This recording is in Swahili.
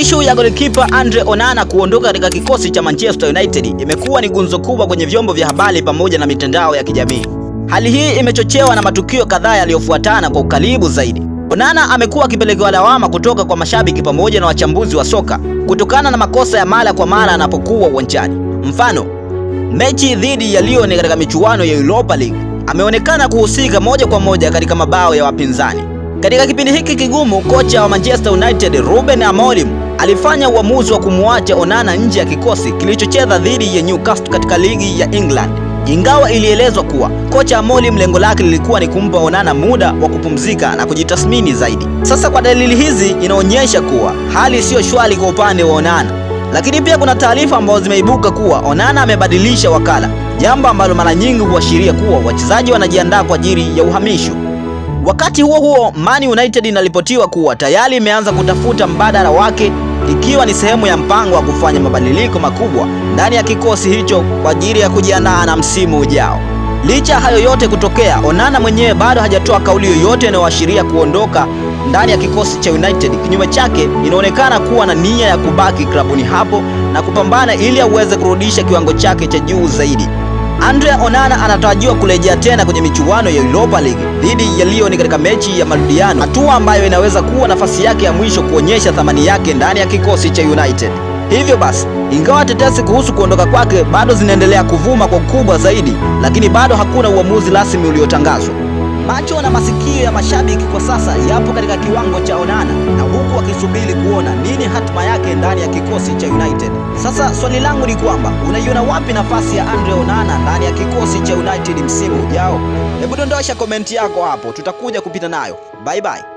Ishu ya golikipa Andre Onana kuondoka katika kikosi cha Manchester United imekuwa ni gunzo kubwa kwenye vyombo vya habari pamoja na mitandao ya kijamii. Hali hii imechochewa na matukio kadhaa yaliyofuatana kwa ukaribu zaidi. Onana amekuwa akipelekewa lawama kutoka kwa mashabiki pamoja na wachambuzi wa soka kutokana na makosa ya mara kwa mara anapokuwa uwanjani. Mfano, mechi dhidi ya Lyon katika michuano ya Europa League ameonekana kuhusika moja kwa moja katika mabao ya wapinzani. Katika kipindi hiki kigumu, kocha wa Manchester United Ruben Amorim alifanya uamuzi wa kumwacha Onana nje ya kikosi kilichocheza dhidi ya Newcastle katika ligi ya England. Ingawa ilielezwa kuwa kocha Amorim lengo lake lilikuwa ni kumpa Onana muda wa kupumzika na kujitathmini zaidi. Sasa kwa dalili hizi inaonyesha kuwa hali siyo shwari kwa upande wa Onana, lakini pia kuna taarifa ambazo zimeibuka kuwa Onana amebadilisha wakala, jambo ambalo mara nyingi huashiria kuwa wachezaji wanajiandaa kwa ajili ya uhamisho. Wakati huo huo, Man United inaripotiwa kuwa tayari imeanza kutafuta mbadala wake ikiwa ni sehemu ya mpango wa kufanya mabadiliko makubwa ndani ya kikosi hicho kwa ajili ya kujiandaa na msimu ujao. Licha hayo yote kutokea, Onana mwenyewe bado hajatoa kauli yoyote inayoashiria kuondoka ndani ya kikosi cha United. Kinyume chake, inaonekana kuwa na nia ya kubaki klabuni hapo na kupambana ili aweze kurudisha kiwango chake cha juu zaidi. Andrea Onana anatarajiwa kurejea tena kwenye michuano ya Europa League dhidi ya Lyon katika mechi ya marudiano, hatua ambayo inaweza kuwa nafasi yake ya mwisho kuonyesha thamani yake ndani ya kikosi cha United. Hivyo basi, ingawa tetesi kuhusu kuondoka kwake bado zinaendelea kuvuma kwa ukubwa zaidi, lakini bado hakuna uamuzi rasmi uliotangazwa. Macho na masikio ya mashabiki kwa sasa yapo katika kiwango cha onana, na huku wakisubiri kuona nini hatima yake ndani ya kikosi cha United. Sasa swali langu ni kwamba unaiona wapi nafasi ya Andre Onana ndani ya kikosi cha United msimu ujao? Hebu dondosha komenti yako hapo, tutakuja kupita nayo. Bye bye.